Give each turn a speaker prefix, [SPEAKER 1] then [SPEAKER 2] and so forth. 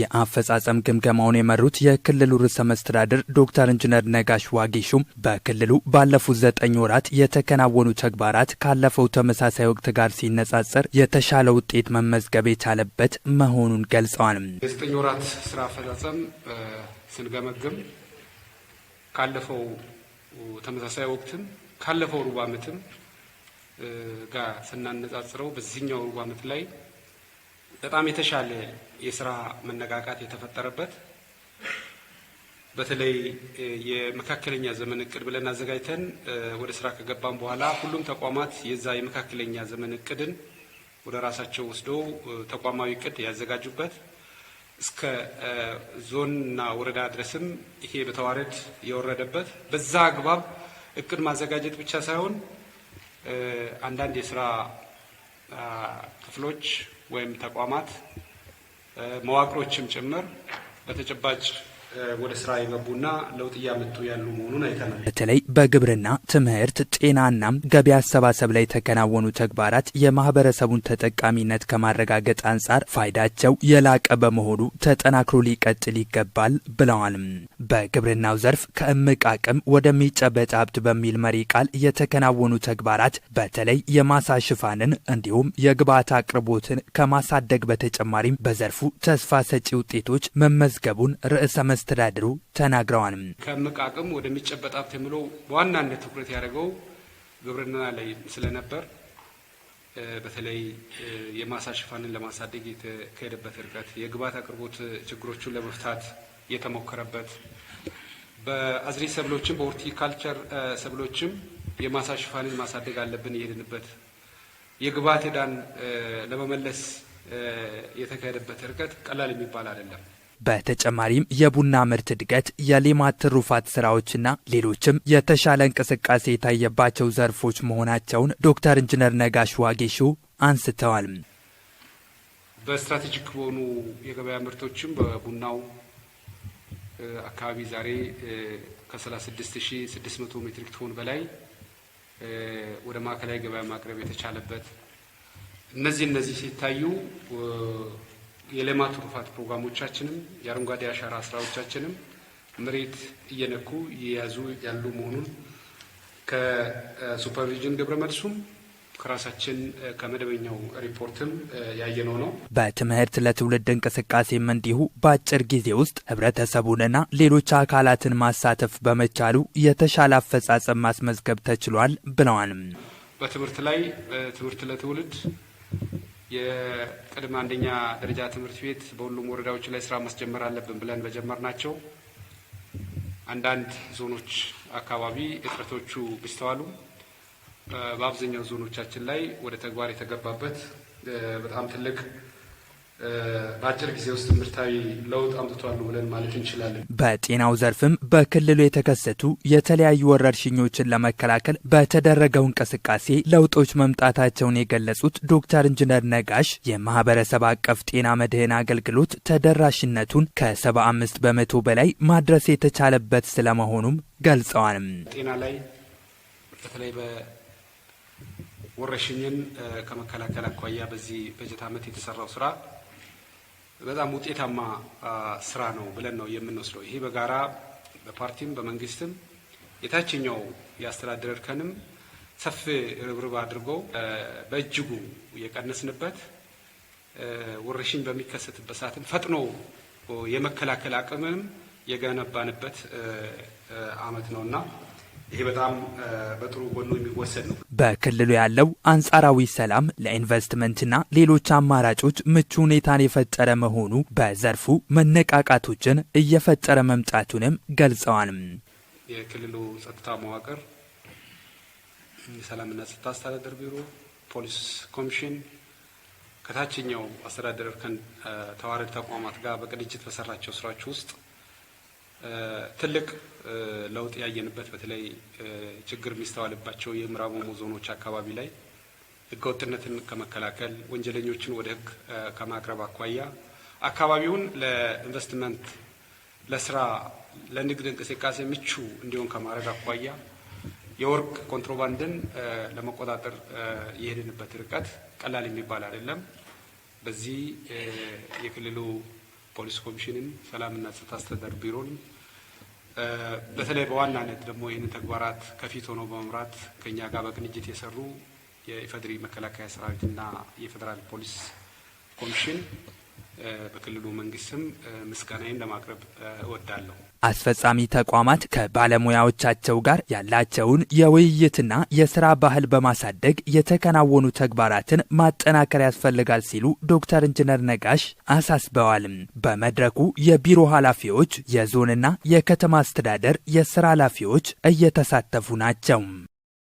[SPEAKER 1] የአፈጻጸም ግምገማውን የመሩት የክልሉ ርዕሰ መስተዳድር ዶክተር ኢንጂነር ነጋሽ ዋጌሾም በክልሉ ባለፉት ዘጠኝ ወራት የተከናወኑ ተግባራት ካለፈው ተመሳሳይ ወቅት ጋር ሲነጻጸር የተሻለ ውጤት መመዝገብ የቻለበት መሆኑን ገልጸዋል።
[SPEAKER 2] የዘጠኝ ወራት ስራ አፈጻጸም ስንገመግም ካለፈው ተመሳሳይ ወቅትም ካለፈው ሩብ ዓመትም ጋር ስናነጻጽረው በዚህኛው ሩብ ዓመት ላይ በጣም የተሻለ የስራ መነቃቃት የተፈጠረበት በተለይ የመካከለኛ ዘመን እቅድ ብለን አዘጋጅተን ወደ ስራ ከገባም በኋላ ሁሉም ተቋማት የዛ የመካከለኛ ዘመን እቅድን ወደ ራሳቸው ወስደው ተቋማዊ እቅድ ያዘጋጁበት እስከ ዞን እና ወረዳ ድረስም ይሄ በተዋረድ የወረደበት በዛ አግባብ እቅድ ማዘጋጀት ብቻ ሳይሆን አንዳንድ የስራ ክፍሎች ወይም ተቋማት መዋቅሮችም ጭምር በተጨባጭ ወደ ስራ የገቡና ለውጥ እያመጡ ያሉ መሆኑን አይተናል።
[SPEAKER 1] በተለይ በግብርና ትምህርት፣ ጤናና ገቢ አሰባሰብ ላይ የተከናወኑ ተግባራት የማህበረሰቡን ተጠቃሚነት ከማረጋገጥ አንጻር ፋይዳቸው የላቀ በመሆኑ ተጠናክሮ ሊቀጥል ይገባል ብለዋል። በግብርናው ዘርፍ ከእምቅ አቅም ወደሚጨበጥ ሀብት በሚል መሪ ቃል የተከናወኑ ተግባራት በተለይ የማሳ ሽፋንን እንዲሁም የግብዓት አቅርቦትን ከማሳደግ በተጨማሪም በዘርፉ ተስፋ ሰጪ ውጤቶች መመዝገቡን ርዕሰ አስተዳደሩ ተናግረዋል።
[SPEAKER 2] ከምቅ አቅም ወደሚጨበጥ ሀብት የሚለው በዋናነት ትኩረት ያደረገው ግብርና ላይ ስለነበር በተለይ የማሳ ሽፋንን ለማሳደግ የተካሄደበት ርቀት፣ የግብዓት አቅርቦት ችግሮቹን ለመፍታት የተሞከረበት በአዝሪ ሰብሎችም በሆርቲካልቸር ሰብሎችም የማሳ ሽፋንን ማሳደግ አለብን የሄድንበት የግብዓት ዕዳን ለመመለስ የተካሄደበት ርቀት ቀላል የሚባል አይደለም።
[SPEAKER 1] በተጨማሪም የቡና ምርት እድገት፣ የሌማት ትሩፋት ስራዎችና ሌሎችም የተሻለ እንቅስቃሴ የታየባቸው ዘርፎች መሆናቸውን ዶክተር ኢንጂነር ነጋሽ ዋጌሾ አንስተዋል።
[SPEAKER 2] በስትራቴጂክ በሆኑ የገበያ ምርቶችም በቡናው አካባቢ ዛሬ ከ36600 ሜትሪክ ቶን በላይ ወደ ማዕከላዊ ገበያ ማቅረብ የተቻለበት እነዚህ እነዚህ ሲታዩ የሌማት ትሩፋት ፕሮግራሞቻችንም የአረንጓዴ አሻራ ስራዎቻችንም መሬት እየነኩ እየያዙ ያሉ መሆኑን ከሱፐርቪዥን ግብረ መልሱም ከራሳችን ከመደበኛው ሪፖርትም ያየነው ነው።
[SPEAKER 1] በትምህርት ለትውልድ እንቅስቃሴም እንዲሁ በአጭር ጊዜ ውስጥ ህብረተሰቡንና ሌሎች አካላትን ማሳተፍ በመቻሉ የተሻለ አፈጻጸም ማስመዝገብ ተችሏል ብለዋል።
[SPEAKER 2] በትምህርት ላይ በትምህርት ለትውልድ የቅድመ አንደኛ ደረጃ ትምህርት ቤት በሁሉም ወረዳዎች ላይ ስራ ማስጀመር አለብን ብለን በጀመር ናቸው። አንዳንድ ዞኖች አካባቢ እጥረቶቹ ቢስተዋሉ በአብዛኛው ዞኖቻችን ላይ ወደ ተግባር የተገባበት በጣም ትልቅ በአጭር ጊዜ ውስጥ ምርታዊ ለውጥ አምጥቷሉ ብለን ማለት እንችላለን።
[SPEAKER 1] በጤናው ዘርፍም በክልሉ የተከሰቱ የተለያዩ ወረርሽኞችን ለመከላከል በተደረገው እንቅስቃሴ ለውጦች መምጣታቸውን የገለጹት ዶክተር ኢንጂነር ነጋሽ የማህበረሰብ አቀፍ ጤና መድህን አገልግሎት ተደራሽነቱን ከሰባ አምስት በመቶ በላይ ማድረስ የተቻለበት ስለመሆኑም ገልጸዋል።
[SPEAKER 2] ጤና ላይ በተለይ በወረርሽኝን ከመከላከል አኳያ በዚህ በጀት ዓመት የተሰራው ስራ በጣም ውጤታማ ስራ ነው ብለን ነው የምንወስደው። ይሄ በጋራ በፓርቲም በመንግስትም የታችኛው የአስተዳደር እርከንም ሰፊ ርብርብ አድርጎ በእጅጉ የቀነስንበት ወረርሽኝ በሚከሰትበት ሰዓትም ፈጥኖ የመከላከል አቅምንም የገነባንበት አመት ነውና ይሄ በጣም በጥሩ ጎኑ የሚወሰድ ነው።
[SPEAKER 1] በክልሉ ያለው አንጻራዊ ሰላም ለኢንቨስትመንትና ሌሎች አማራጮች ምቹ ሁኔታን የፈጠረ መሆኑ በዘርፉ መነቃቃቶችን እየፈጠረ መምጣቱንም ገልጸዋል።
[SPEAKER 2] የክልሉ ጸጥታ መዋቅር፣ የሰላምና ጸጥታ አስተዳደር ቢሮ፣ ፖሊስ ኮሚሽን ከታችኛው አስተዳደር ተዋረድ ተቋማት ጋር በቅንጅት በሰራቸው ስራዎች ውስጥ ትልቅ ለውጥ ያየንበት በተለይ ችግር የሚስተዋልባቸው የምዕራብ ኦሞ ዞኖች አካባቢ ላይ ህገወጥነትን ከመከላከል ወንጀለኞችን ወደ ህግ ከማቅረብ አኳያ አካባቢውን ለኢንቨስትመንት፣ ለስራ፣ ለንግድ እንቅስቃሴ ምቹ እንዲሆን ከማድረግ አኳያ የወርቅ ኮንትሮባንድን ለመቆጣጠር የሄድንበት ርቀት ቀላል የሚባል አይደለም። በዚህ የክልሉ ፖሊስ ኮሚሽንን፣ ሰላምና ጸጥታ አስተዳደር ቢሮን በተለይ በዋናነት ደግሞ ይህንን ተግባራት ከፊት ሆኖ በመምራት ከኛ ጋር በቅንጅት የሰሩ የኢፌዴሪ መከላከያ ሰራዊትና የፌዴራል ፖሊስ ኮሚሽን በክልሉ መንግስትም ምስጋናዬን ለማቅረብ እወዳለሁ።
[SPEAKER 1] አስፈጻሚ ተቋማት ከባለሙያዎቻቸው ጋር ያላቸውን የውይይትና የስራ ባህል በማሳደግ የተከናወኑ ተግባራትን ማጠናከር ያስፈልጋል ሲሉ ዶክተር ኢንጂነር ነጋሽ አሳስበዋል። በመድረኩ የቢሮ ኃላፊዎች፣ የዞንና የከተማ አስተዳደር የስራ ኃላፊዎች እየተሳተፉ ናቸው።